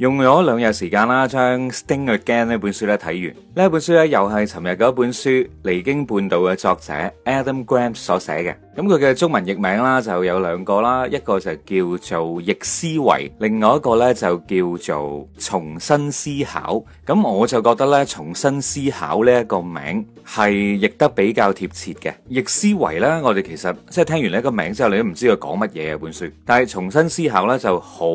用咗兩日時間啦，將《Think Again》呢本書咧睇完。呢本書咧又係尋日嗰本書《離經叛道》嘅作者 Adam Grant 所寫嘅。咁佢嘅中文譯名啦，就有兩個啦，一個就叫做《逆思維》，另外一個咧就叫做《重新思考》。咁我就覺得咧，《重新思考》呢一個名係譯得比較貼切嘅。《逆思維》咧，我哋其實即係聽完呢個名之後，你都唔知佢講乜嘢本書。但係《重新思考》咧就好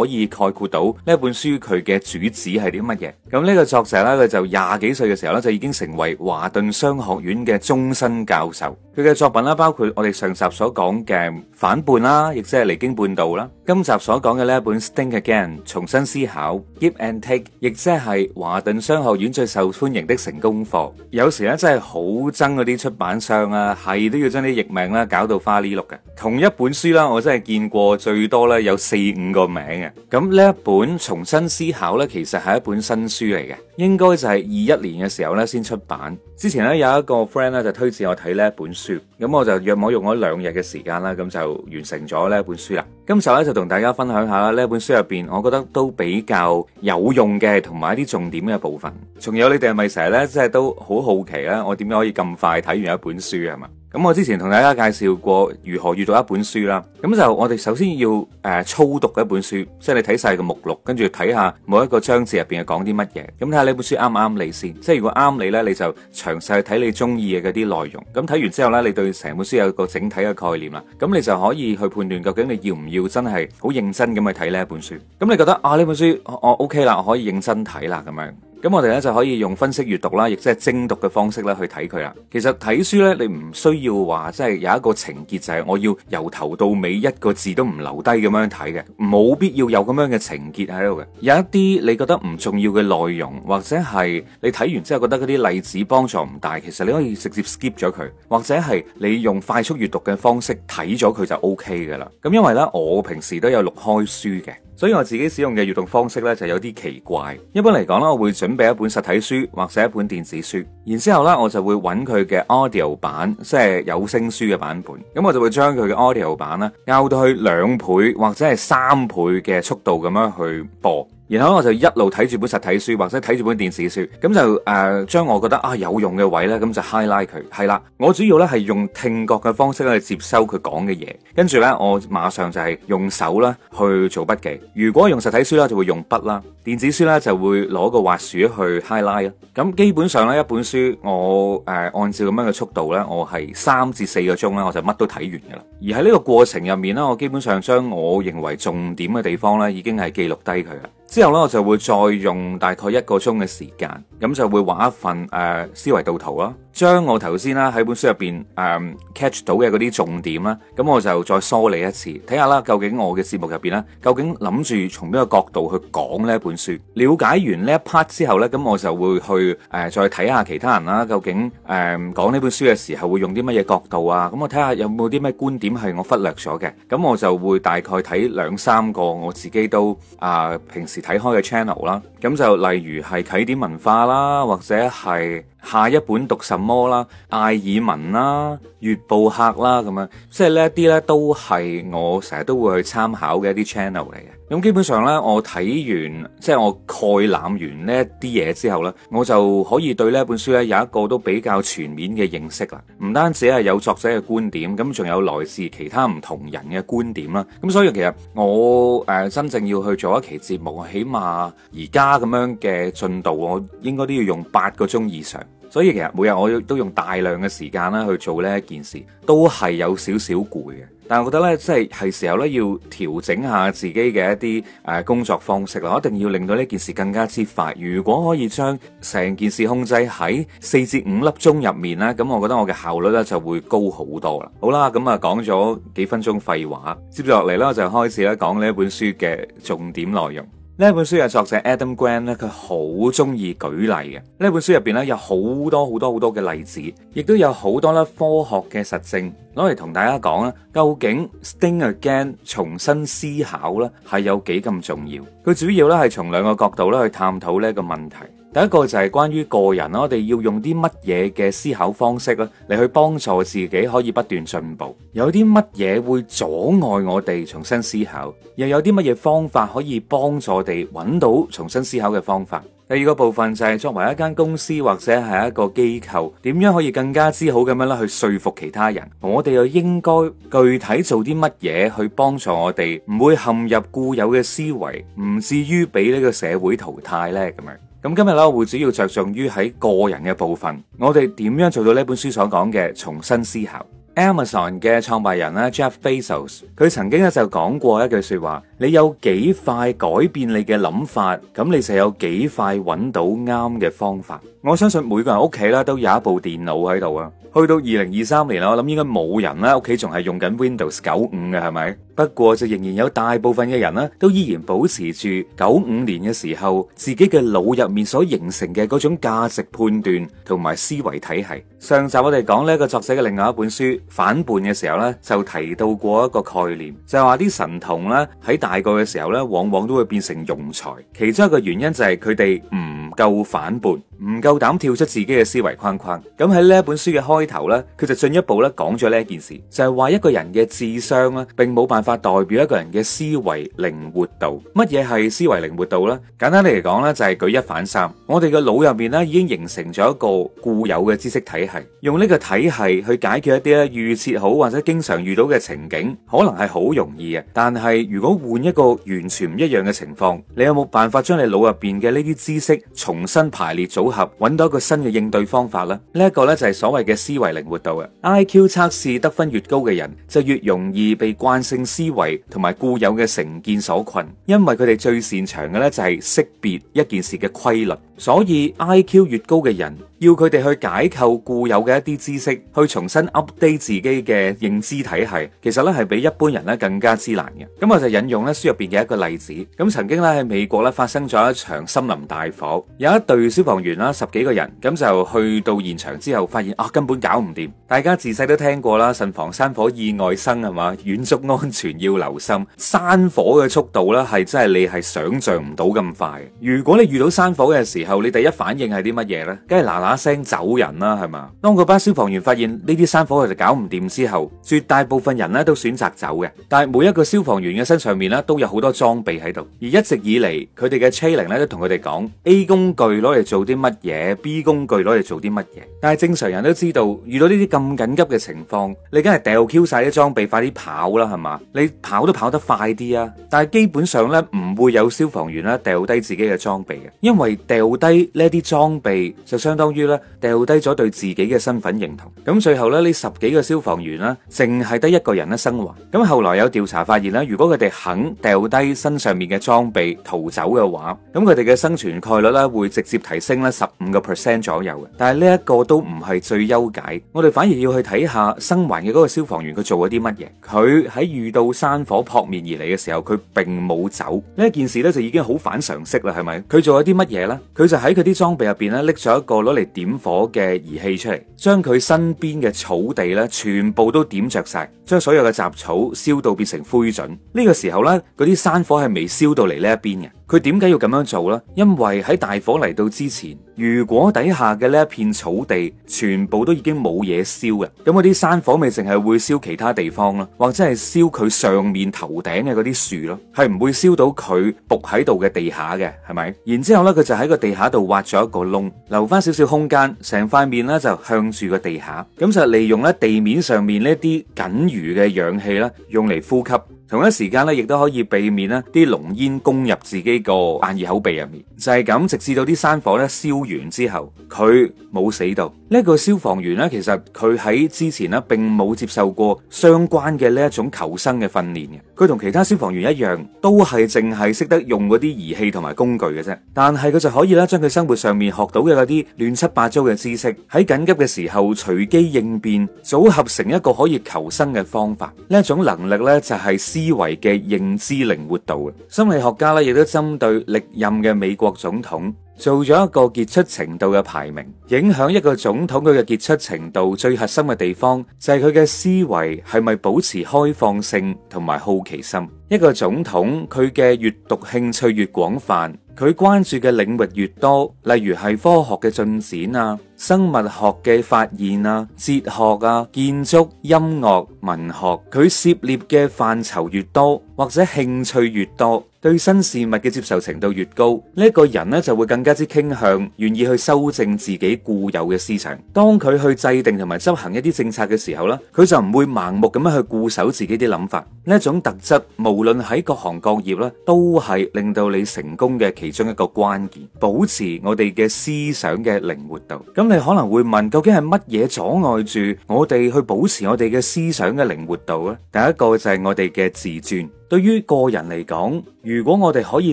可以概括到呢一本書佢嘅主旨係啲乜嘢。咁呢個作者咧，佢就廿幾歲嘅時候咧，就已經成為華頓商學院嘅終身教授。佢嘅作品啦，包括。我哋上集所講嘅反叛啦，亦即係離經叛道啦。今集所講嘅呢一本《Think Again》，重新思考，Give and Take，亦即係華頓商學院最受歡迎的成功課。有時咧真係好憎嗰啲出版商啊，係都要將啲譯名咧搞到花哩碌嘅。同一本書啦，我真係見過最多咧有四五個名嘅。咁呢一本重新思考咧，其實係一本新書嚟嘅。應該就係二一年嘅時候咧，先出版。之前咧有一個 friend 咧就推薦我睇呢本書，咁我就約莫用咗兩日嘅時間啦，咁就完成咗呢本書啦。今集呢，就同大家分享下呢本書入邊，我覺得都比較有用嘅、同埋一啲重點嘅部分。仲有，你哋係咪成日呢？即係都好好奇呢，我點樣可以咁快睇完一本書，係嘛？咁我之前同大家介紹過如何閱讀一本書啦，咁就我哋首先要誒、呃、粗讀一本書，即係你睇晒個目錄，跟住睇下每一個章節入邊係講啲乜嘢，咁睇下呢本書啱唔啱你先。即係如果啱你呢，你就詳細睇你中意嘅嗰啲內容。咁、嗯、睇完之後呢，你對成本書有一個整體嘅概念啦，咁、嗯、你就可以去判斷究竟你要唔要真係好認真咁去睇呢一本書。咁、嗯、你覺得啊呢本書我，我 OK 啦，我可以認真睇啦咁樣。咁我哋咧就可以用分析閱讀啦，亦即係精讀嘅方式咧去睇佢啦。其實睇書呢，你唔需要話即係有一個情結，就係、是、我要由頭到尾一個字都唔留低咁樣睇嘅，冇必要有咁樣嘅情結喺度嘅。有一啲你覺得唔重要嘅內容，或者係你睇完之後覺得嗰啲例子幫助唔大，其實你可以直接 skip 咗佢，或者係你用快速閱讀嘅方式睇咗佢就 O K 嘅啦。咁因為呢，我平時都有錄開書嘅。所以我自己使用嘅閱讀方式咧，就有啲奇怪。一般嚟講咧，我會準備一本實體書或者一本電子書，然之後咧，我就會揾佢嘅 audio 版，即係有聲書嘅版本。咁我就會將佢嘅 audio 版咧，拗到去兩倍或者係三倍嘅速度咁樣去播。然後我就一路睇住本實體書，或者睇住本電子書，咁就誒將、呃、我覺得啊有用嘅位咧，咁就 highlight 佢係啦。我主要咧係用聽覺嘅方式去接收佢講嘅嘢，跟住咧我馬上就係用手啦去做筆記。如果用實體書咧，就會用筆啦；電子書咧，就會攞個滑鼠去 highlight 啦。咁基本上咧一本書，我誒、呃、按照咁樣嘅速度咧，我係三至四個鐘咧，我就乜都睇完噶啦。而喺呢個過程入面咧，我基本上將我認為重點嘅地方咧，已經係記錄低佢啦。之後咧，我就會再用大概一個鐘嘅時,時間，咁就會畫一份誒、呃、思維導圖啦。將我頭先啦喺本書入邊誒 catch 到嘅嗰啲重點啦，咁我就再梳理一次，睇下啦究竟，我嘅節目入邊啦，究竟諗住從邊個角度去講呢本書？了解完呢一 part 之後咧，咁我就會去誒、呃、再睇下其他人啦，究竟誒、呃、講呢本書嘅時候會用啲乜嘢角度啊？咁我睇下有冇啲咩觀點係我忽略咗嘅，咁我就會大概睇兩三個我自己都啊、呃、平時睇開嘅 channel 啦，咁就例如係啟點文化啦，或者係。下一本讀什麼啦？艾爾文啦、月報客啦咁樣，即係呢一啲呢，都係我成日都會去參考嘅一啲 channel 嚟嘅。咁基本上咧，我睇完即係我概覽完呢一啲嘢之後呢，我就可以對呢本書咧有一個都比較全面嘅認識啦。唔單止係有作者嘅觀點，咁仲有來自其他唔同人嘅觀點啦。咁所以其實我誒真正要去做一期節目，起碼而家咁樣嘅進度，我應該都要用八個鐘以上。所以其實每日我都用大量嘅時間咧去做呢一件事，都係有少少攰嘅。但係我覺得咧，即係係時候咧，要調整下自己嘅一啲誒、呃、工作方式啦，一定要令到呢件事更加之快。如果可以將成件事控制喺四至五粒鐘入面咧，咁我覺得我嘅效率咧就會高好多啦。好啦，咁啊講咗幾分鐘廢話，接住落嚟咧我就開始咧講呢一本書嘅重點內容。呢本書嘅作者 Adam Grant 咧，佢好中意舉例嘅。呢本書入邊咧，有好多好多好多嘅例子，亦都有好多咧科學嘅實證攞嚟同大家講啊。究竟 Think Again 重新思考咧，係有幾咁重要？佢主要咧係從兩個角度咧去探討呢個問題。第一個就係關於個人，我哋要用啲乜嘢嘅思考方式咧，嚟去幫助自己可以不斷進步。有啲乜嘢會阻礙我哋重新思考，又有啲乜嘢方法可以幫助我哋搵到重新思考嘅方法。第二個部分就係作為一間公司或者係一個機構，點樣可以更加之好咁樣咧去說服其他人？我哋又應該具體做啲乜嘢去幫助我哋唔會陷入固有嘅思維，唔至於俾呢個社會淘汰呢？咁樣。咁今日咧，我會主要着重於喺個人嘅部分，我哋點樣做到呢本書所講嘅重新思考。Amazon 嘅創辦人咧 Jeff Bezos，佢曾經咧就講過一句說話：你有幾快改變你嘅諗法，咁你就有幾快揾到啱嘅方法。我相信每個人屋企啦都有一部電腦喺度啊！去到二零二三年啦，我諗應該冇人啦屋企仲係用緊 Windows 九五嘅，係咪？不過就仍然有大部分嘅人咧，都依然保持住九五年嘅時候自己嘅腦入面所形成嘅嗰種價值判斷同埋思維體系。上集我哋講呢個作者嘅另外一本書《反叛》嘅時候呢，就提到過一個概念，就係話啲神童咧喺大個嘅時候呢，往往都會變成庸才，其中一個原因就係佢哋唔夠反叛。唔夠膽跳出自己嘅思維框框，咁喺呢一本書嘅開頭咧，佢就進一步咧講咗呢一件事，就係話一個人嘅智商咧，並冇辦法代表一個人嘅思維靈活度。乜嘢係思維靈活度咧？簡單地嚟講咧，就係舉一反三。我哋嘅腦入面咧已經形成咗一個固有嘅知識體系，用呢個體系去解決一啲咧預設好或者經常遇到嘅情景，可能係好容易嘅。但係如果換一個完全唔一樣嘅情況，你有冇辦法將你腦入邊嘅呢啲知識重新排列組？搵到一個新嘅應對方法啦，呢一個呢就係所謂嘅思維靈活度啊。IQ 測試得分越高嘅人，就越容易被慣性思維同埋固有嘅成見所困，因為佢哋最擅長嘅呢，就係識別一件事嘅規律，所以 IQ 越高嘅人。要佢哋去解構固有嘅一啲知識，去重新 update 自己嘅認知體系，其實咧係比一般人咧更加之難嘅。咁我就引用咧書入邊嘅一個例子，咁曾經咧喺美國咧發生咗一場森林大火，有一隊消防員啦，十幾個人，咁就去到現場之後，發現啊根本搞唔掂。大家自細都聽過啦，慎防山火意外生係嘛？遠足安全要留心。山火嘅速度咧係真係你係想像唔到咁快。如果你遇到山火嘅時候，你第一反應係啲乜嘢咧？梗係嗱嗱把聲走人啦、啊，係嘛？當嗰班消防員發現呢啲山火佢哋搞唔掂之後，絕大部分人咧都選擇走嘅。但係每一個消防員嘅身上面咧都有好多裝備喺度。而一直以嚟，佢哋嘅 training 咧都同佢哋講：A 工具攞嚟做啲乜嘢，B 工具攞嚟做啲乜嘢。但係正常人都知道，遇到呢啲咁緊急嘅情況，你梗係掉 Q 晒啲裝備，快啲跑啦，係嘛？你跑都跑得快啲啊！但係基本上咧唔會有消防員咧掉低自己嘅裝備嘅，因為掉低呢啲裝備就相當於。掉低咗對自己嘅身份認同，咁最後呢，呢十幾個消防員啦，淨係得一個人呢生還。咁後來有調查發現呢，如果佢哋肯掉低身上面嘅裝備逃走嘅話，咁佢哋嘅生存概率呢會直接提升呢十五個 percent 左右嘅。但係呢一個都唔係最優解，我哋反而要去睇下生還嘅嗰個消防員佢做咗啲乜嘢。佢喺遇到山火撲面而嚟嘅時候，佢並冇走呢件事呢，就已經好反常識啦，係咪？佢做咗啲乜嘢呢？佢就喺佢啲裝備入邊呢拎咗一個攞嚟。點火嘅儀器出嚟，將佢身邊嘅草地呢全部都點着晒，將所有嘅雜草燒到變成灰燼。呢個時候呢，嗰啲山火係未燒到嚟呢一邊嘅。佢點解要咁樣做呢？因為喺大火嚟到之前，如果底下嘅呢一片草地全部都已經冇嘢燒嘅，咁嗰啲山火咪淨係會燒其他地方咯，或者係燒佢上面頭頂嘅嗰啲樹咯，係唔會燒到佢伏喺度嘅地下嘅，係咪？然之後呢，佢就喺個地下度挖咗一個窿，留翻少少空間，成塊面呢就向住個地下，咁就利用咧地面上面呢啲僅餘嘅氧氣啦，用嚟呼吸。同一時間咧，亦都可以避免呢啲濃煙攻入自己個眼耳口鼻入面。就係咁，直至到啲山火咧燒完之後，佢冇死到。呢一個消防員咧，其實佢喺之前呢，並冇接受過相關嘅呢一種求生嘅訓練嘅。佢同其他消防員一樣，都係淨係識得用嗰啲儀器同埋工具嘅啫。但係佢就可以咧將佢生活上面學到嘅嗰啲亂七八糟嘅知識，喺緊急嘅時候隨機應變，組合成一個可以求生嘅方法。呢一種能力咧就係、是思維嘅認知靈活度，心理學家咧亦都針對歷任嘅美國總統。做咗一個傑出程度嘅排名，影響一個總統佢嘅傑出程度最核心嘅地方，就係佢嘅思維係咪保持開放性同埋好奇心。一個總統，佢嘅閱讀興趣越廣泛，佢關注嘅領域越多，例如係科學嘅進展啊、生物學嘅發現啊、哲學啊、建築、音樂、文學，佢涉獵嘅範疇越多，或者興趣越多。對新事物嘅接受程度越高，呢一個人咧，就會更加之傾向願意去修正自己固有嘅思想。當佢去制定同埋執行一啲政策嘅時候呢，佢就唔會盲目咁樣去固守自己啲諗法。呢一種特質，無論喺各行各業啦，都係令到你成功嘅其中一個關鍵。保持我哋嘅思想嘅靈活度。咁你可能會問，究竟係乜嘢阻礙住我哋去保持我哋嘅思想嘅靈活度咧？第一個就係我哋嘅自尊。對於個人嚟講，如果我哋可以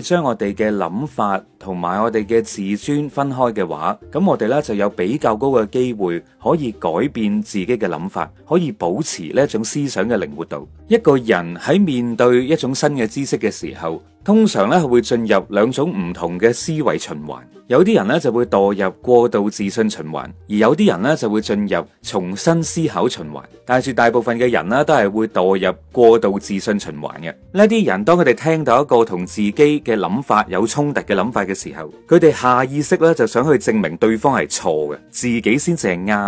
將我哋嘅諗法同埋我哋嘅自尊分開嘅話，咁我哋咧就有比較高嘅機會。可以改變自己嘅諗法，可以保持呢一種思想嘅靈活度。一個人喺面對一種新嘅知識嘅時候，通常咧係會進入兩種唔同嘅思維循環。有啲人咧就會墮入過度自信循環，而有啲人呢就會進入重新思考循環。但係絕大部分嘅人呢，都係會墮入過度自信循環嘅。呢啲人當佢哋聽到一個同自己嘅諗法有衝突嘅諗法嘅時候，佢哋下意識咧就想去證明對方係錯嘅，自己先正啱。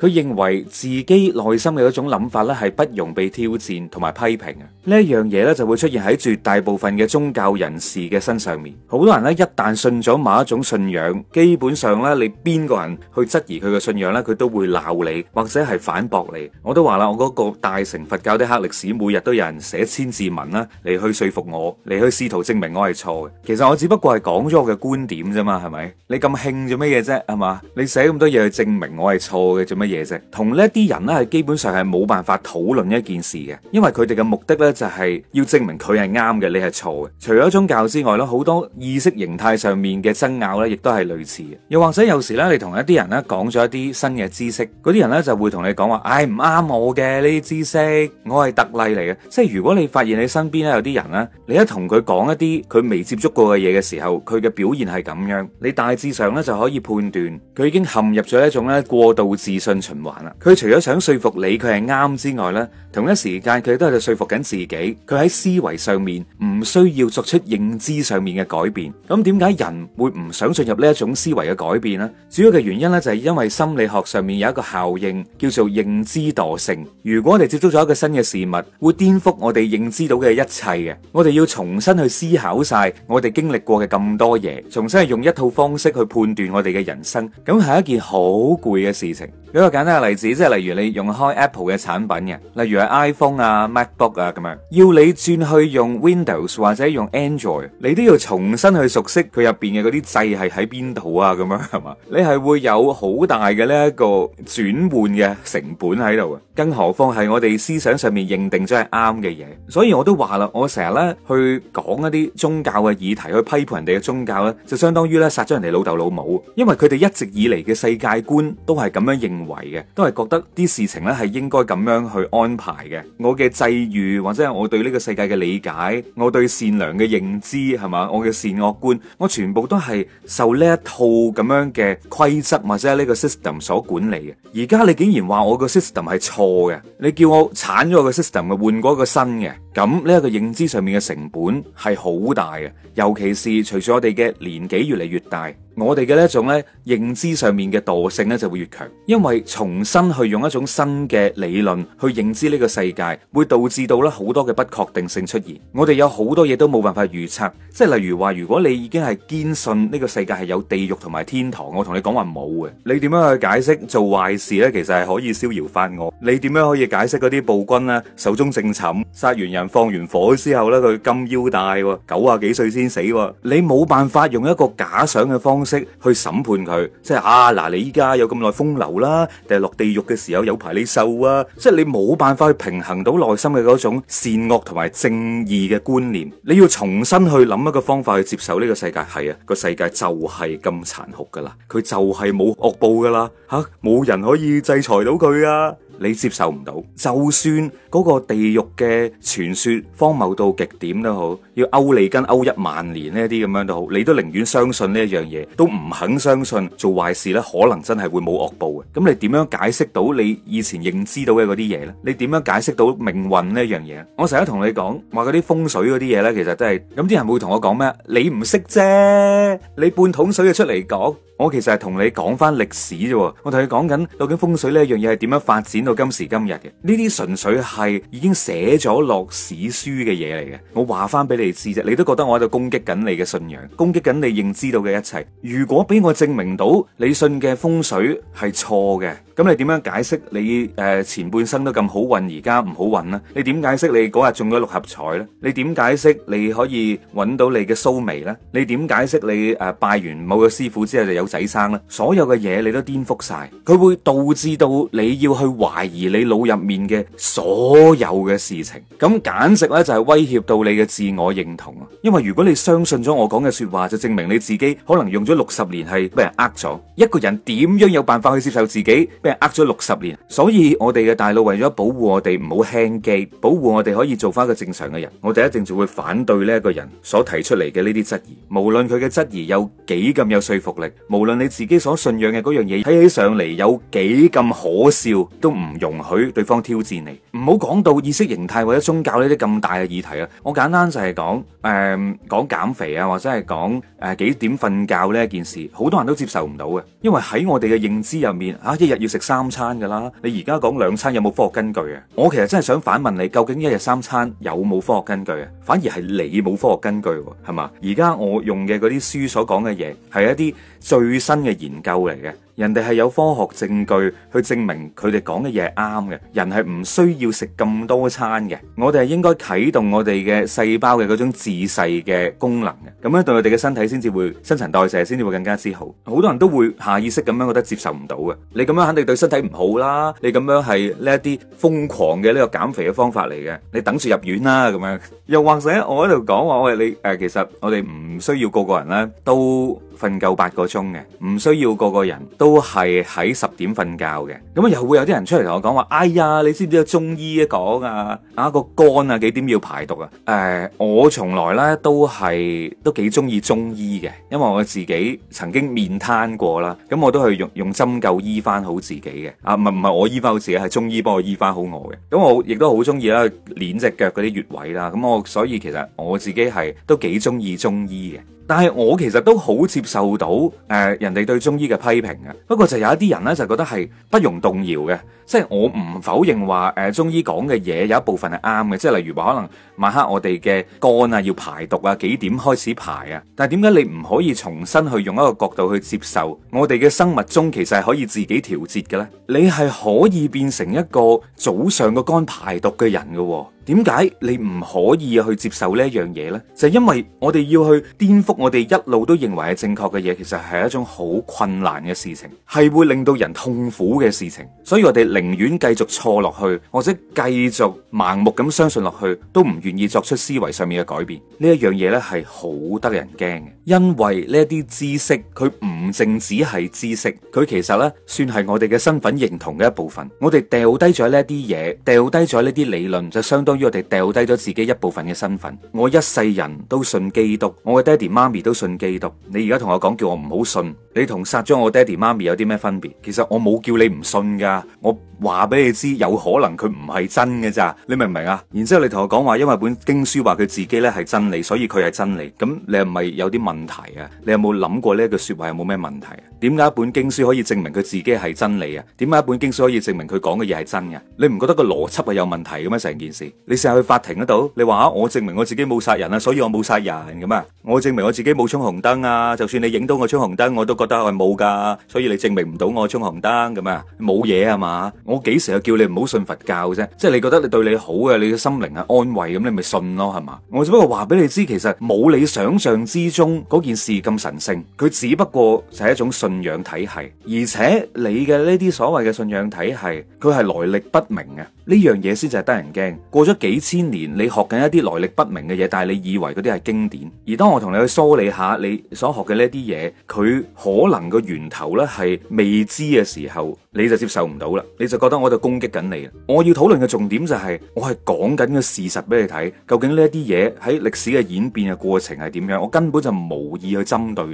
佢認為自己內心嘅嗰種諗法咧，係不容被挑戰同埋批評嘅！呢一樣嘢咧，就會出現喺絕大部分嘅宗教人士嘅身上面。好多人咧，一旦信咗某一種信仰，基本上咧，你邊個人去質疑佢嘅信仰咧，佢都會鬧你或者係反駁你。我都話啦，我嗰個大乘佛教的黑歷史，每日都有人寫千字文啦，嚟去說服我，嚟去試圖證明我係錯嘅。其實我只不過係講咗我嘅觀點啫嘛，係咪？你咁興做咩嘢啫？係嘛？你寫咁多嘢去證明我係錯嘅做咩？嘢同呢啲人呢，係基本上係冇辦法討論一件事嘅，因為佢哋嘅目的呢，就係要證明佢係啱嘅，你係錯嘅。除咗宗教之外咧，好多意識形態上面嘅爭拗呢，亦都係類似嘅。又或者有時呢，你同一啲人呢，講咗一啲新嘅知識，嗰啲人呢就會同你講話，唉、哎，唔啱我嘅呢啲知識，我係特例嚟嘅。即係如果你發現你身邊咧有啲人咧，你一同佢講一啲佢未接觸過嘅嘢嘅時候，佢嘅表現係咁樣，你大致上呢就可以判斷佢已經陷入咗一種咧過度自信。循環啦，佢除咗想說服你佢係啱之外咧，同一時間佢都係在說服緊自己，佢喺思維上面唔需要作出認知上面嘅改變。咁點解人會唔想進入呢一種思維嘅改變呢？主要嘅原因咧就係因為心理學上面有一個效應叫做認知惰性。如果我哋接觸咗一個新嘅事物，會顛覆我哋認知到嘅一切嘅，我哋要重新去思考晒我哋經歷過嘅咁多嘢，重新係用一套方式去判斷我哋嘅人生，咁係一件好攰嘅事情。有一個簡單嘅例子，即係例如你用開 Apple 嘅產品嘅，例如係 iPhone 啊、MacBook 啊咁樣，要你轉去用 Windows 或者用 Android，你都要重新去熟悉佢入邊嘅嗰啲掣係喺邊度啊，咁樣係嘛？你係會有好大嘅呢一個轉換嘅成本喺度啊！更何況係我哋思想上面認定咗係啱嘅嘢，所以我都話啦，我成日咧去講一啲宗教嘅議題，去批判人哋嘅宗教咧，就相當於咧殺咗人哋老豆老母，因為佢哋一直以嚟嘅世界觀都係咁樣認為嘅，都係覺得啲事情咧係應該咁樣去安排嘅。我嘅際遇或者係我對呢個世界嘅理解，我對善良嘅認知係咪，我嘅善惡觀，我全部都係受呢一套咁樣嘅規則或者係呢個 system 所管理嘅。而家你竟然話我個 system 係錯嘅，你叫我鏟咗我嘅 system，換過個新嘅。咁呢一個認知上面嘅成本係好大嘅，尤其是隨住我哋嘅年紀越嚟越大，我哋嘅呢一種咧認知上面嘅惰性咧就會越強，因為重新去用一種新嘅理論去認知呢個世界，會導致到咧好多嘅不確定性出現。我哋有好多嘢都冇辦法預測，即係例如話，如果你已經係堅信呢個世界係有地獄同埋天堂，我同你講話冇嘅，你點樣去解釋做壞事咧其實係可以逍遙法外，你點樣可以解釋嗰啲暴君咧手中正寢殺完人？放完火之後呢，佢金腰帶，九啊幾歲先死。你冇辦法用一個假想嘅方式去審判佢，即係啊嗱，你依家有咁耐風流啦，定係落地獄嘅時候有排你受啊？即係你冇辦法去平衡到內心嘅嗰種善惡同埋正義嘅觀念。你要重新去諗一個方法去接受呢個世界。係啊，個世界就係咁殘酷噶啦，佢就係冇惡報噶啦，吓冇人可以制裁到佢啊！你接受唔到，就算嗰個地獄嘅傳說荒謬到極點都好，要歐你根歐一萬年呢啲咁樣都好，你都寧願相信呢一樣嘢，都唔肯相信做壞事咧可能真係會冇惡報嘅。咁你點樣解釋到你以前認知到嗰啲嘢咧？你點樣解釋到命運呢樣嘢？我成日同你講話嗰啲風水嗰啲嘢咧，其實都係咁。啲人會同我講咩？你唔識啫，你半桶水嘅出嚟講。我其實係同你講翻歷史啫，我同你講緊究竟風水呢一樣嘢係點樣發展。到今時今日嘅，呢啲純粹係已經寫咗落史書嘅嘢嚟嘅，我話翻俾你知啫，你都覺得我喺度攻擊緊你嘅信仰，攻擊緊你認知到嘅一切。如果俾我證明到你信嘅風水係錯嘅，咁你點樣解釋你誒、呃、前半生都咁好運而家唔好運呢？你點解釋你嗰日中咗六合彩呢？你點解釋你可以揾到你嘅蘇眉呢？你點解釋你誒、呃、拜完某個師傅之後就有仔生呢？所有嘅嘢你都顛覆晒，佢會導致到你要去懷。而你腦入面嘅所有嘅事情，咁簡直咧就係威脅到你嘅自我認同。因為如果你相信咗我講嘅說話，就證明你自己可能用咗六十年係俾人呃咗。一個人點樣有辦法去接受自己俾人呃咗六十年？所以我哋嘅大腦為咗保護我哋唔好輕機，ay, 保護我哋可以做翻一個正常嘅人，我哋一定就會反對呢一個人所提出嚟嘅呢啲質疑。無論佢嘅質疑有幾咁有說服力，無論你自己所信仰嘅嗰樣嘢睇起上嚟有幾咁可笑，都唔。唔容許對方挑戰你，唔好講到意識形態或者宗教呢啲咁大嘅議題啊！我簡單就係講，誒、嗯，講減肥啊，或者係講誒幾點瞓覺呢一件事，好多人都接受唔到嘅，因為喺我哋嘅認知入面，啊，一日要食三餐㗎啦，你而家講兩餐有冇科學根據啊？我其實真係想反問你，究竟一日三餐有冇科學根據啊？反而係你冇科學根據係嘛？而家我用嘅嗰啲書所講嘅嘢，係一啲最新嘅研究嚟嘅。人哋係有科學證據去證明佢哋講嘅嘢係啱嘅，人係唔需要食咁多餐嘅。我哋係應該啟動我哋嘅細胞嘅嗰種自細嘅功能嘅，咁樣對我哋嘅身體先至會新陳代謝，先至會更加之好。好多人都會下意識咁樣覺得接受唔到嘅，你咁樣肯定對身體唔好啦。你咁樣係呢一啲瘋狂嘅呢個減肥嘅方法嚟嘅，你等住入院啦咁樣。又或者我喺度講話，喂，你誒、呃，其實我哋唔需要個個人咧都，瞓夠八個鐘嘅，唔需要個個人都係喺十點瞓覺嘅，咁啊又會有啲人出嚟同我講話，哎呀，你知唔知道中醫講啊，啊個肝啊幾點要排毒啊？誒、呃，我從來咧都係都幾中意中醫嘅，因為我自己曾經面癱過啦，咁我都係用用針灸醫翻好自己嘅，啊，唔係唔係我醫翻好自己，係中醫幫我醫翻好我嘅，咁我亦都好中意啦，捻隻腳嗰啲穴位啦，咁我所以其實我自己係都幾中意中醫嘅。但係我其實都好接受到誒、呃、人哋對中醫嘅批評嘅，不過就有一啲人呢，就覺得係不容動搖嘅，即係我唔否認話誒、呃、中醫講嘅嘢有一部分係啱嘅，即係例如話可能晚黑我哋嘅肝啊要排毒啊幾點開始排啊，但係點解你唔可以重新去用一個角度去接受我哋嘅生物鐘其實係可以自己調節嘅呢？你係可以變成一個早上個肝排毒嘅人嘅，哦。點解你唔可以去接受呢一樣嘢咧？就係因為我哋要去顛覆我哋一路都認為係正確嘅嘢，其實係一種好困難嘅事情，係會令到人痛苦嘅事情。所以我哋寧願繼續錯落去，或者繼續盲目咁相信落去，都唔願意作出思維上面嘅改變。呢一樣嘢咧係好得人驚嘅，因為呢一啲知識佢唔淨止係知識，佢其實咧算係我哋嘅身份認同嘅一部分。我哋掉低咗呢啲嘢，掉低咗呢啲理論，就相當於。我哋掉低咗自己一部分嘅身份，我一世人都信基督，我嘅爹哋媽咪都信基督。你而家同我講，叫我唔好信，你同殺咗我爹哋媽咪有啲咩分別？其實我冇叫你唔信噶，我。話俾你知，有可能佢唔係真嘅咋，你明唔明啊？然之後你同我講話，因為本經書話佢自己呢係真理，所以佢係真理。咁你係咪有啲問題啊？你有冇諗過呢句說話有冇咩問題啊？點解一本經書可以證明佢自己係真理啊？點解一本經書可以證明佢講嘅嘢係真嘅？你唔覺得個邏輯係有問題嘅咩？成件事，你試下去法庭嗰度，你話我證明我自己冇殺人啊，所以我冇殺人咁啊，我證明我自己冇衝紅燈啊，就算你影到我衝紅燈，我都覺得係冇噶，所以你證明唔到我衝紅燈咁啊，冇嘢啊嘛？我幾時又叫你唔好信佛教啫？即係你覺得你對你好嘅，你嘅心靈係安慰咁，你咪信咯，係嘛？我只不過話俾你知，其實冇你想象之中嗰件事咁神聖。佢只不過就係一種信仰體系，而且你嘅呢啲所謂嘅信仰體系，佢係來歷不明嘅。呢樣嘢先就係得人驚。過咗幾千年，你學緊一啲來歷不明嘅嘢，但係你以為嗰啲係經典。而當我同你去梳理下你所學嘅呢啲嘢，佢可能個源頭呢係未知嘅時候，你就接受唔到啦，你就。覺得我就攻擊緊你，我要討論嘅重點就係我係講緊個事實俾你睇，究竟呢一啲嘢喺歷史嘅演變嘅過程係點樣？我根本就無意去針對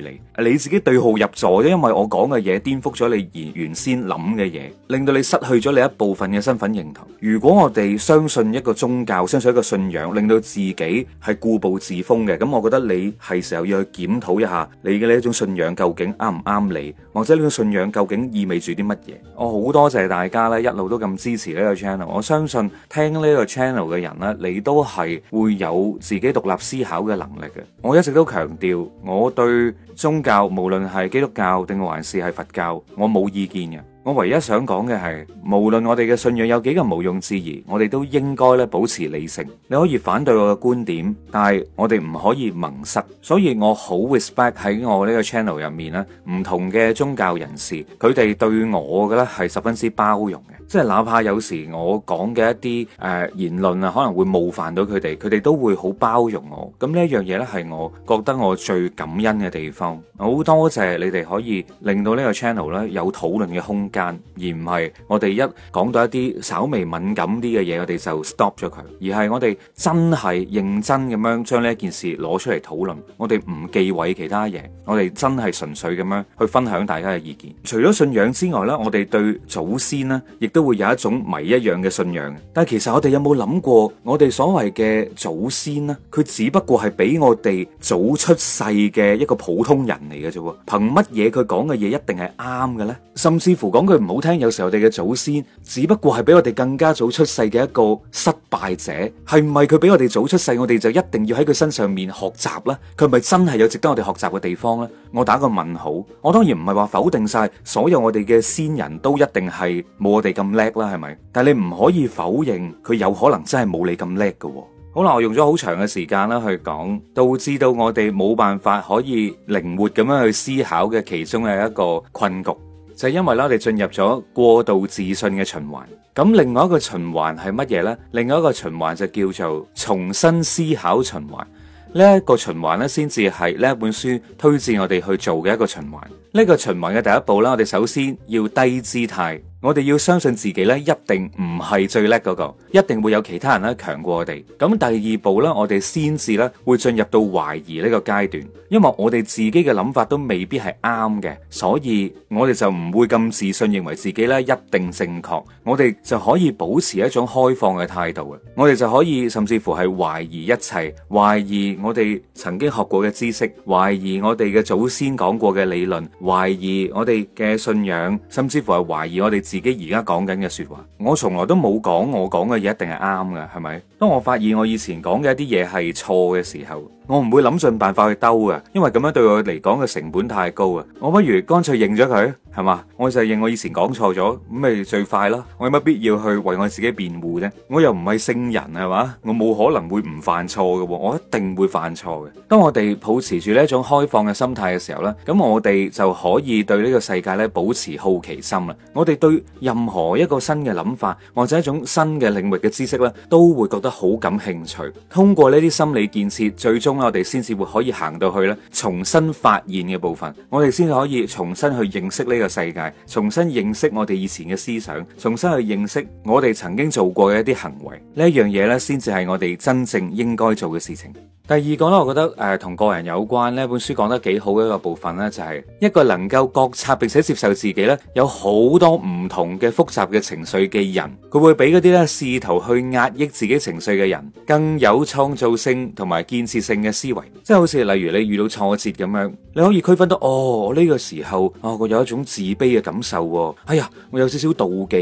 你，你自己對號入座都因為我講嘅嘢顛覆咗你原原先諗嘅嘢，令到你失去咗你一部分嘅身份認同。如果我哋相信一個宗教，相信一個信仰，令到自己係固步自封嘅，咁我覺得你係時候要去檢討一下你嘅呢一種信仰究竟啱唔啱你，或者呢種信仰究竟意味住啲乜嘢？我好多謝大家咧。一路都咁支持呢個 channel，我相信聽呢個 channel 嘅人咧，你都係會有自己獨立思考嘅能力嘅。我一直都強調，我對宗教，無論係基督教定還是係佛教，我冇意見嘅。我唯一想講嘅係，無論我哋嘅信仰有幾咁毋庸置疑，我哋都應該咧保持理性。你可以反對我嘅觀點，但係我哋唔可以蒙塞。所以我好 respect 喺我呢個 channel 入面咧，唔同嘅宗教人士，佢哋對我嘅咧係十分之包容嘅。即係哪怕有時我講嘅一啲誒、呃、言論啊，可能會冒犯到佢哋，佢哋都會好包容我。咁呢一樣嘢咧係我覺得我最感恩嘅地方。好多謝你哋可以令到呢個 channel 咧有討論嘅空間。而唔係我哋一講到一啲稍微敏感啲嘅嘢，我哋就 stop 咗佢，而係我哋真係認真咁樣將呢一件事攞出嚟討論。我哋唔忌諱其他嘢，我哋真係純粹咁樣去分享大家嘅意見。除咗信仰之外咧，我哋對祖先咧，亦都會有一種迷一樣嘅信仰。但係其實我哋有冇諗過，我哋所謂嘅祖先咧，佢只不過係比我哋早出世嘅一個普通人嚟嘅啫，憑乜嘢佢講嘅嘢一定係啱嘅咧？甚至乎講。講句唔好聽，有時候我哋嘅祖先只不過係比我哋更加早出世嘅一個失敗者。係唔係佢比我哋早出世，我哋就一定要喺佢身上面學習呢？佢係咪真係有值得我哋學習嘅地方呢？我打個問號。我當然唔係話否定晒所有我哋嘅先人都一定係冇我哋咁叻啦，係咪？但係你唔可以否認佢有可能真係冇你咁叻嘅。好啦，我用咗好長嘅時間啦去講，導致到我哋冇辦法可以靈活咁樣去思考嘅其中嘅一個困局。就因為啦，我哋進入咗過度自信嘅循環。咁另外一個循環係乜嘢呢？另外一個循環就叫做重新思考循環。呢一個循環咧，先至係呢一本書推薦我哋去做嘅一個循環。呢個循環嘅第一步啦，我哋首先要低姿態，我哋要相信自己咧一定唔係最叻嗰個，一定會有其他人咧強過我哋。咁第二步啦，我哋先至咧會進入到懷疑呢個階段。因為我哋自己嘅諗法都未必係啱嘅，所以我哋就唔會咁自信認為自己咧一定正確。我哋就可以保持一種開放嘅態度嘅，我哋就可以甚至乎係懷疑一切，懷疑我哋曾經學過嘅知識，懷疑我哋嘅祖先講過嘅理論，懷疑我哋嘅信仰，甚至乎係懷疑我哋自己而家講緊嘅說話。我從來都冇講我講嘅嘢一定係啱嘅，係咪？當我發現我以前講嘅一啲嘢係錯嘅時候，我唔會諗盡辦法去兜嘅。因為咁樣對我嚟講嘅成本太高啊，我不如乾脆認咗佢。係嘛？我就認我以前講錯咗，咁咪最快咯。我有乜必要去為我自己辯護啫？我又唔係聖人係嘛？我冇可能會唔犯錯嘅，我一定會犯錯嘅。當我哋抱持住呢一種開放嘅心態嘅時候咧，咁我哋就可以對呢個世界咧保持好奇心啦。我哋對任何一個新嘅諗法或者一種新嘅領域嘅知識咧，都會覺得好感興趣。通過呢啲心理建設，最終我哋先至會可以行到去咧，重新發現嘅部分，我哋先可以重新去認識呢個。世界，重新認識我哋以前嘅思想，重新去認識我哋曾經做過嘅一啲行為，呢一樣嘢咧，先至係我哋真正應該做嘅事情。第二個咧，我覺得誒同、呃、個人有關，呢本書講得幾好嘅一個部分呢，就係、是、一個能夠覺察並且接受自己呢，有好多唔同嘅複雜嘅情緒嘅人，佢會俾嗰啲呢，試圖去壓抑自己情緒嘅人更有創造性同埋建設性嘅思維。即係好似例如你遇到挫折咁樣，你可以區分到哦，我、這、呢個時候啊、哦，我有一種自卑嘅感受。哎呀，我有少少妒忌。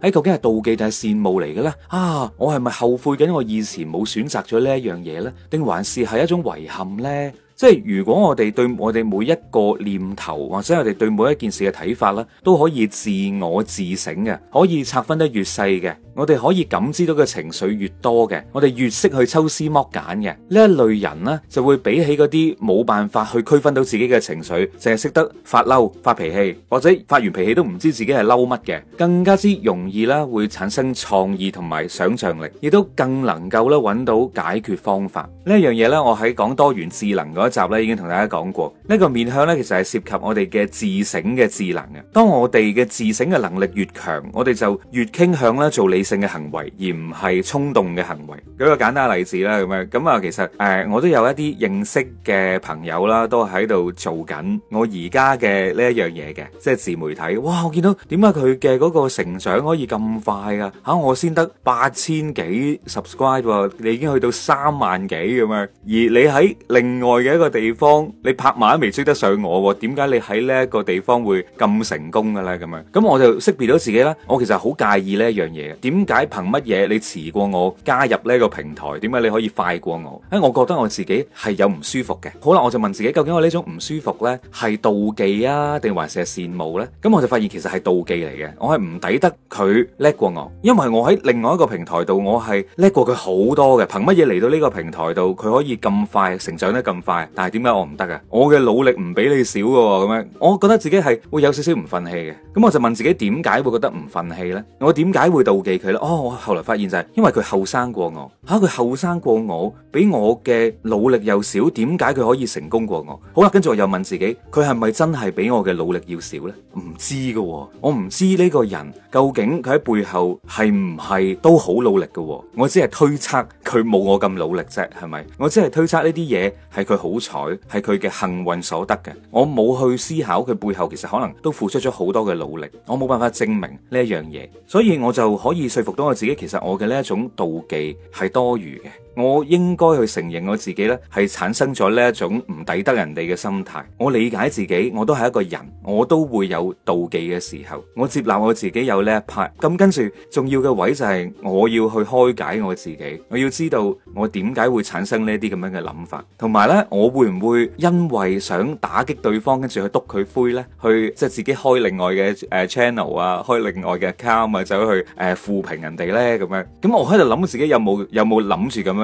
哎，究竟係妒忌定係羨慕嚟嘅呢？啊，我係咪後悔緊我以前冇選擇咗呢一樣嘢呢？定還是係一種遺憾咧，即係如果我哋對我哋每一個念頭，或者我哋對每一件事嘅睇法咧，都可以自我自省嘅，可以拆分得越細嘅。我哋可以感知到嘅情緒越多嘅，我哋越識去抽絲剝繭嘅呢一類人呢，就會比起嗰啲冇辦法去區分到自己嘅情緒，淨係識得發嬲、發脾氣，或者發完脾氣都唔知自己係嬲乜嘅，更加之容易啦，會產生創意同埋想像力，亦都更能夠咧揾到解決方法。呢一樣嘢呢，我喺講多元智能嗰一集呢，已經同大家講過。呢、這個面向呢，其實係涉及我哋嘅自省嘅智能嘅。當我哋嘅自省嘅能力越強，我哋就越傾向咧做你性嘅行為，而唔係衝動嘅行為。舉個簡單嘅例子啦，咁樣咁啊，其實誒，我都有一啲認識嘅朋友啦，都喺度做緊我而家嘅呢一樣嘢嘅，即係自媒體。哇，我見到點解佢嘅嗰個成長可以咁快啊？吓，我先得八千幾 subscribe，你已經去到三萬幾咁樣，而你喺另外嘅一個地方，你拍馬都未追得上我，點解你喺呢一個地方會咁成功噶咧？咁樣，咁我就識別到自己咧，我其實好介意呢一樣嘢嘅。點？點解憑乜嘢你遲過我加入呢個平台？點解你可以快過我？喺我覺得我自己係有唔舒服嘅。好啦，我就問自己，究竟我呢種唔舒服呢？係妒忌啊，定還是係羨慕呢？咁我就發現其實係妒忌嚟嘅。我係唔抵得佢叻過我，因為我喺另外一個平台度，我係叻過佢好多嘅。憑乜嘢嚟到呢個平台度？佢可以咁快成長得咁快，但係點解我唔得啊？我嘅努力唔比你少噶。哦，咁樣，我覺得自己係會有少少唔忿氣嘅。咁我就問自己，點解會覺得唔忿氣呢？我點解會妒忌？係啦，哦，我後來發現就係因為，佢後生過我，吓、啊，佢後生過我。比我嘅努力又少，點解佢可以成功過我？好啦，跟住我又問自己，佢係咪真係比我嘅努力要少呢？唔知噶喎，我唔知呢個人究竟佢喺背後係唔係都好努力噶喎？我只係推測佢冇我咁努力啫，係咪？我只係推測呢啲嘢係佢好彩，係佢嘅幸運所得嘅。我冇去思考佢背後其實可能都付出咗好多嘅努力，我冇辦法證明呢一樣嘢，所以我就可以說服到我自己，其實我嘅呢一種妒忌係多餘嘅。我應該去承認我自己咧，係產生咗呢一種唔抵得人哋嘅心態。我理解自己，我都係一個人，我都會有妒忌嘅時候。我接納我自己有呢一 part。咁跟住重要嘅位就係我要去開解我自己，我要知道我點解會產生呢啲咁樣嘅諗法。同埋呢，我會唔會因為想打擊對方，跟住去督佢灰呢？去即係自己開另外嘅 channel 啊，開另外嘅 account 啊，走去誒負評人哋咧咁樣。咁我喺度諗自己有冇有冇諗住咁樣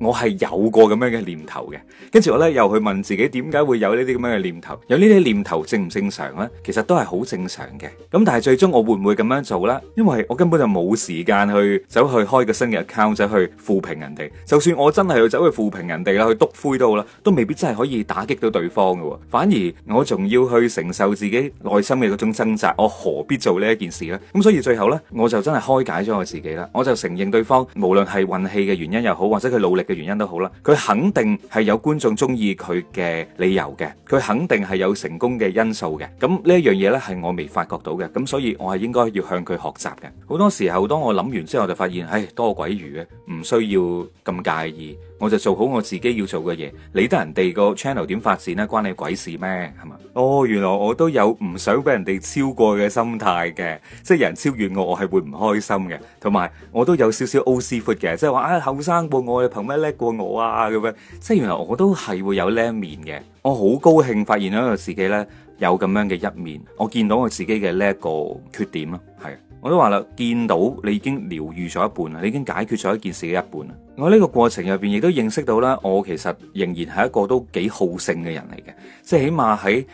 我係有過咁樣嘅念頭嘅，跟住我咧又去問自己，點解會有呢啲咁樣嘅念頭？有呢啲念頭正唔正常呢？其實都係好正常嘅。咁但係最終我會唔會咁樣做呢？因為我根本就冇時間去走去開個新嘅 account，走去負評人哋。就算我真係去走去負評人哋啦，去篤灰都好啦，都未必真係可以打擊到對方㗎。反而我仲要去承受自己內心嘅嗰種掙扎，我何必做呢一件事呢？咁所以最後呢，我就真係開解咗我自己啦。我就承認對方無論係運氣嘅原因又好，或者佢努力嘅原因都好啦，佢肯定係有觀眾鍾意佢嘅理由嘅，佢肯定係有成功嘅因素嘅。咁呢一樣嘢呢，係我未發覺到嘅。咁所以，我係應該要向佢學習嘅。好多時候，當我諗完之後，我就發現，唉、哎，多鬼餘啊，唔需要咁介意。我就做好我自己要做嘅嘢，理得人哋個 channel 點發展咧，關你鬼事咩？係嘛？哦，原來我都有唔想俾人哋超過嘅心態嘅，即係人超越我，我係會唔開心嘅。同埋我都有少少 O C 闊嘅，即係話啊，哎，後生過我，你憑咩叻過我啊？咁樣，即係原來我都係會有呢一面嘅。我好高興發現咗我自己呢，有咁樣嘅一面，我見到我自己嘅呢一個缺點咯，係。我都話啦，見到你已經療愈咗一半啦，你已經解決咗一件事嘅一半啦。我呢個過程入邊，亦都認識到咧，我其實仍然係一個都幾好勝嘅人嚟嘅，即係起碼喺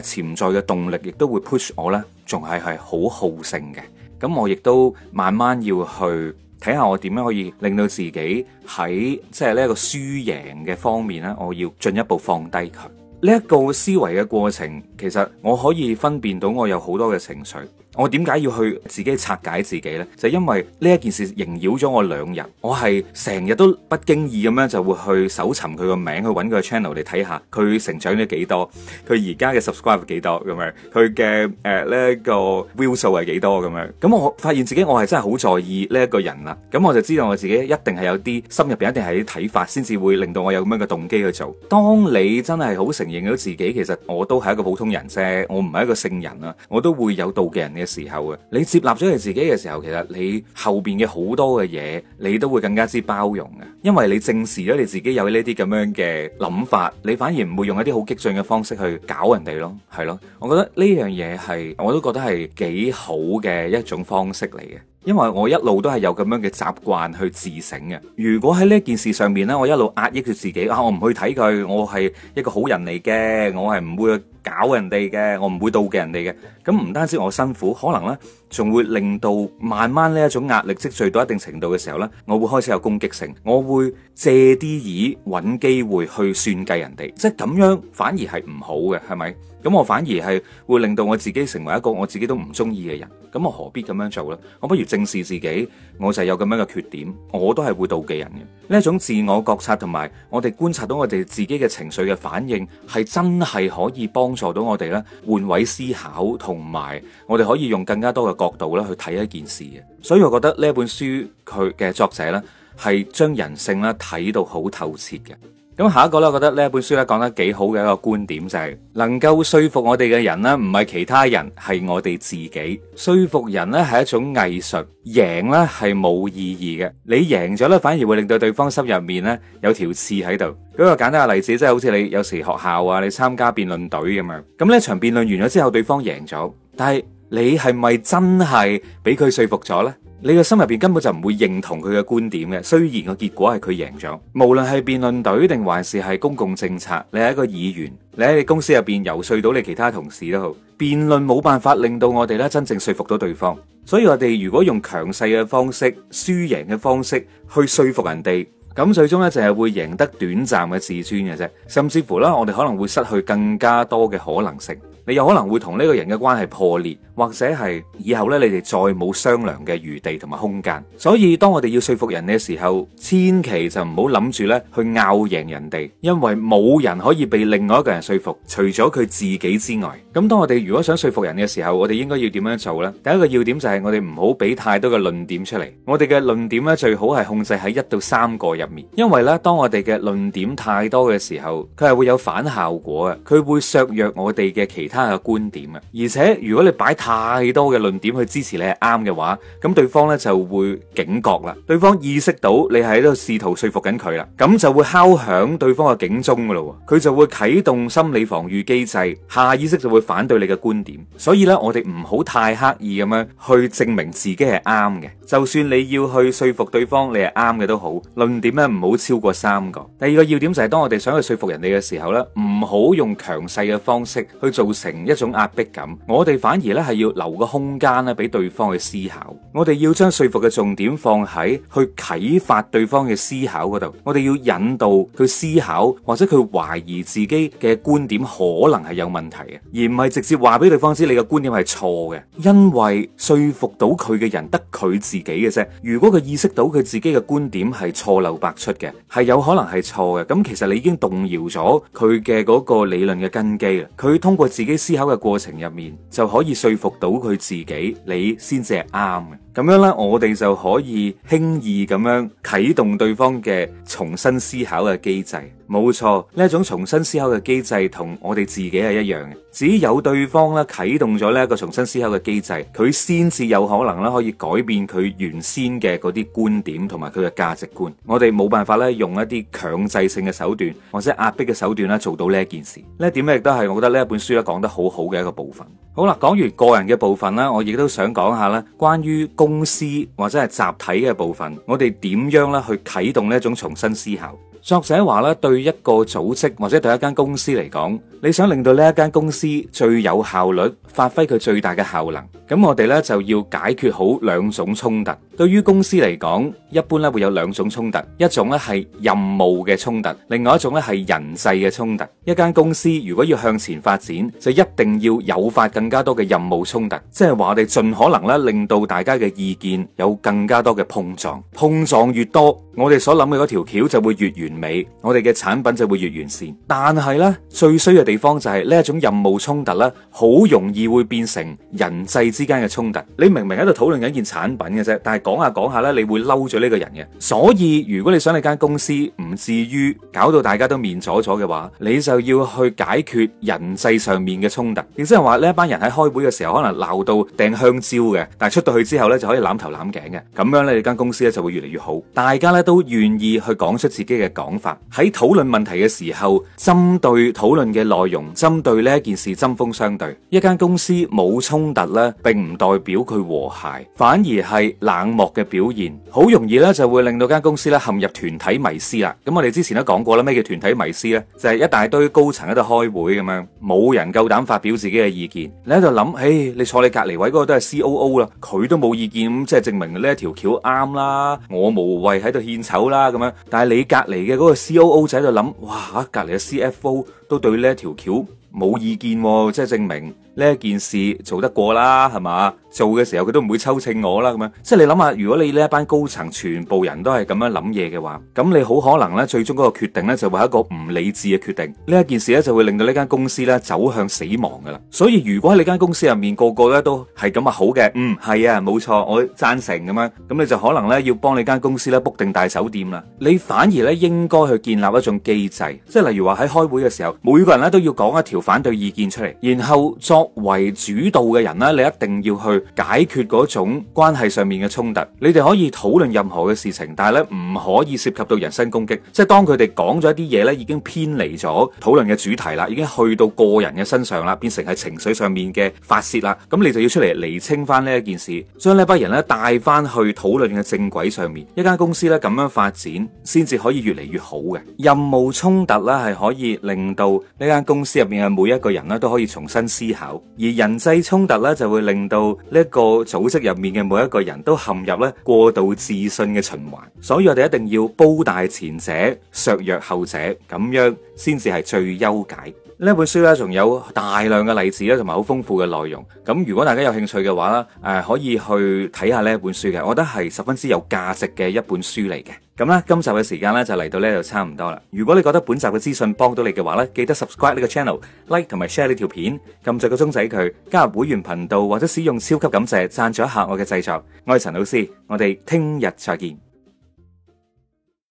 誒潛在嘅動力，亦都會 push 我呢，仲係係好好勝嘅。咁我亦都慢慢要去睇下我點樣可以令到自己喺即係呢一個輸贏嘅方面呢，我要進一步放低佢。呢、這、一個思維嘅過程，其實我可以分辨到我有好多嘅情緒。我點解要去自己拆解自己呢？就因為呢一件事縈繞咗我兩日，我係成日都不經意咁樣就會去搜尋佢個名，去揾佢嘅 channel 嚟睇下佢成長咗幾多，佢而家嘅 subscribe 幾多咁樣，佢嘅誒呢一個 view 數係幾多咁樣。咁我發現自己我係真係好在意呢一個人啦。咁我就知道我自己一定係有啲心入邊一定係啲睇法，先至會令到我有咁樣嘅動機去做。當你真係好承認咗自己，其實我都係一個普通人啫，我唔係一個聖人啊，我都會有妒忌人嘅時候啊，你接納咗你自己嘅時候，其實你後邊嘅好多嘅嘢，你都會更加之包容嘅，因為你正視咗你自己有呢啲咁樣嘅諗法，你反而唔會用一啲好激進嘅方式去搞人哋咯，係咯？我覺得呢樣嘢係，我都覺得係幾好嘅一種方式嚟嘅，因為我一路都係有咁樣嘅習慣去自省嘅。如果喺呢件事上面呢，我一路壓抑佢自己啊，我唔去睇佢，我係一個好人嚟嘅，我係唔會。搞人哋嘅，我唔會妒忌人哋嘅。咁唔單止我辛苦，可能咧仲會令到慢慢呢一種壓力積聚到一定程度嘅時候咧，我會開始有攻擊性，我會借啲意揾機會去算計人哋。即係咁樣反而係唔好嘅，係咪？咁我反而係會令到我自己成為一個我自己都唔中意嘅人。咁我何必咁樣做咧？我不如正視自己，我就有咁樣嘅缺點，我都係會妒忌人嘅。呢一種自我覺察同埋我哋觀察到我哋自己嘅情緒嘅反應，係真係可以幫。幫助到我哋咧，換位思考同埋，我哋可以用更加多嘅角度咧，去睇一件事嘅，所以我覺得呢一本書佢嘅作者咧係將人性咧睇到好透徹嘅。咁下一個咧，我覺得呢一本書咧講得幾好嘅一個觀點就係，能夠說服我哋嘅人咧，唔係其他人，係我哋自己。說服人咧係一種藝術，贏咧係冇意義嘅。你贏咗咧，反而會令到對方心入面咧有條刺喺度。舉個簡單嘅例子，即係好似你有時學校啊，你參加辯論隊咁樣。咁呢一場辯論完咗之後，對方贏咗，但係你係咪真係俾佢說服咗咧？你嘅心入邊根本就唔會認同佢嘅觀點嘅，雖然個結果係佢贏咗。無論係辯論隊定還是係公共政策，你係一個議員，你喺你公司入邊遊說到你其他同事都好，辯論冇辦法令到我哋咧真正說服到對方。所以我哋如果用強勢嘅方式、輸贏嘅方式去說服人哋，咁最終咧就係會贏得短暫嘅自尊嘅啫，甚至乎咧我哋可能會失去更加多嘅可能性。你有可能會同呢個人嘅關係破裂，或者係以後咧你哋再冇商量嘅餘地同埋空間。所以當我哋要說服人嘅時候，千祈就唔好諗住咧去拗贏人哋，因為冇人可以被另外一個人說服，除咗佢自己之外。咁當我哋如果想說服人嘅時候，我哋應該要點樣做呢？第一個要點就係我哋唔好俾太多嘅論點出嚟，我哋嘅論點咧最好係控制喺一到三個入面，因為咧當我哋嘅論點太多嘅時候，佢係會有反效果嘅，佢會削弱我哋嘅其他嘅觀點嘅，而且如果你擺太多嘅論點去支持你係啱嘅話，咁對方呢就會警覺啦，對方意識到你係喺度試圖說服緊佢啦，咁就會敲響對方嘅警鐘噶咯，佢就會啟動心理防禦機制，下意識就會反對你嘅觀點，所以呢我哋唔好太刻意咁樣去證明自己係啱嘅。就算你要去說服對方，你係啱嘅都好，論點咧唔好超過三個。第二個要點就係當我哋想去說服人哋嘅時候咧，唔好用強勢嘅方式去造成一種壓迫感。我哋反而咧係要留個空間咧俾對方去思考。我哋要將說服嘅重點放喺去啟發對方嘅思考嗰度。我哋要引導佢思考，或者佢懷疑自己嘅觀點可能係有問題嘅，而唔係直接話俾對方知你嘅觀點係錯嘅。因為說服到佢嘅人得佢自。自己嘅啫，如果佢意識到佢自己嘅觀點係錯漏百出嘅，係有可能係錯嘅，咁其實你已經動搖咗佢嘅嗰個理論嘅根基啦。佢通過自己思考嘅過程入面，就可以說服到佢自己，你先至係啱嘅。咁樣咧，我哋就可以輕易咁樣啟動對方嘅重新思考嘅機制。冇錯，呢一種重新思考嘅機制同我哋自己係一樣嘅。只有對方咧啟動咗呢一個重新思考嘅機制，佢先至有可能咧可以改變佢原先嘅嗰啲觀點同埋佢嘅價值觀。我哋冇辦法咧用一啲強制性嘅手段或者壓迫嘅手段咧做到呢一件事。呢一點咧亦都係我覺得呢一本書咧講得好好嘅一個部分。好啦，講完個人嘅部分啦，我亦都想講下咧關於公司或者係集體嘅部分，我哋點樣咧去啟動呢一種重新思考？作者話咧，對一個組織或者對一間公司嚟講，你想令到呢一間公司最有效率，發揮佢最大嘅效能，咁我哋咧就要解決好兩種衝突。對於公司嚟講，一般咧會有兩種衝突，一種咧係任務嘅衝突，另外一種咧係人際嘅衝突。一間公司如果要向前發展，就一定要誘發更加多嘅任務衝突，即係話我哋盡可能咧令到大家嘅意見有更加多嘅碰撞，碰撞越多，我哋所諗嘅嗰條橋就會越完美，我哋嘅產品就會越完善。但係咧最衰嘅地方就係呢一種任務衝突咧，好容易會變成人際之間嘅衝突。你明明喺度討論緊件產品嘅啫，但係講。講下講下咧，你會嬲咗呢個人嘅。所以如果你想你間公司唔至於搞到大家都面阻阻嘅話，你就要去解決人際上面嘅衝突。亦即係話呢一班人喺開會嘅時候可能鬧到掟香蕉嘅，但係出到去之後咧就可以攬頭攬頸嘅。咁樣咧，你間公司咧就會越嚟越好。大家咧都願意去講出自己嘅講法，喺討論問題嘅時候，針對討論嘅內容，針對呢件事針鋒相對。一間公司冇衝突咧，並唔代表佢和諧，反而係冷幕嘅表現，好容易咧就會令到間公司咧陷入團體迷思啦。咁我哋之前都講過啦，咩叫團體迷思呢？就係一大堆高層喺度開會咁樣，冇人夠膽發表自己嘅意見。你喺度諗，誒，你坐你隔籬位嗰個都係 COO 啦，佢都冇意見，即係證明呢一條橋啱啦。我無謂喺度獻醜啦，咁樣。但係你隔籬嘅嗰個 COO 就喺度諗，哇，隔籬嘅 CFO 都對呢一條橋冇意見，即係證明。呢一件事做得過啦，係嘛？做嘅時候佢都唔會抽稱我啦，咁樣。即係你諗下，如果你呢一班高層全部人都係咁樣諗嘢嘅話，咁你好可能呢，最終嗰個決定呢，就會係一個唔理智嘅決定。呢一件事呢，就會令到呢間公司呢走向死亡㗎啦。所以如果喺你間公司入面個個呢都係咁啊好嘅，嗯係啊冇錯，我贊成咁樣。咁你就可能呢，要幫你間公司呢 book 定大酒店啦。你反而呢，應該去建立一種機制，即係例如話喺開會嘅時候，每個人呢都要講一條反對意見出嚟，然後作。為主導嘅人咧，你一定要去解決嗰種關係上面嘅衝突。你哋可以討論任何嘅事情，但係咧，唔可以涉及到人身攻擊。即係當佢哋講咗一啲嘢咧，已經偏離咗討論嘅主題啦，已經去到個人嘅身上啦，變成係情緒上面嘅發泄啦。咁你就要出嚟厘清翻呢一件事，將呢班人咧帶翻去討論嘅正軌上面。一間公司咧咁樣發展，先至可以越嚟越好嘅。任務衝突咧，係可以令到呢間公司入邊嘅每一個人咧都可以重新思考。而人際衝突咧，就會令到呢個組織入面嘅每一個人都陷入咧過度自信嘅循環，所以我哋一定要煲大前者，削弱後者，咁樣先至係最優解。呢本書咧，仲有大量嘅例子啦，同埋好豐富嘅內容。咁如果大家有興趣嘅話咧，誒、呃、可以去睇下呢一本書嘅，我覺得係十分之有價值嘅一本書嚟嘅。咁、嗯、啦，今集嘅時間咧就嚟到呢度差唔多啦。如果你覺得本集嘅資訊幫到你嘅話咧，記得 subscribe 呢個 channel，like 同埋 share 呢條片，撳着個鐘仔佢加入會員頻道或者使用超級感謝贊助一下我嘅製作。我係陳老師，我哋聽日再見。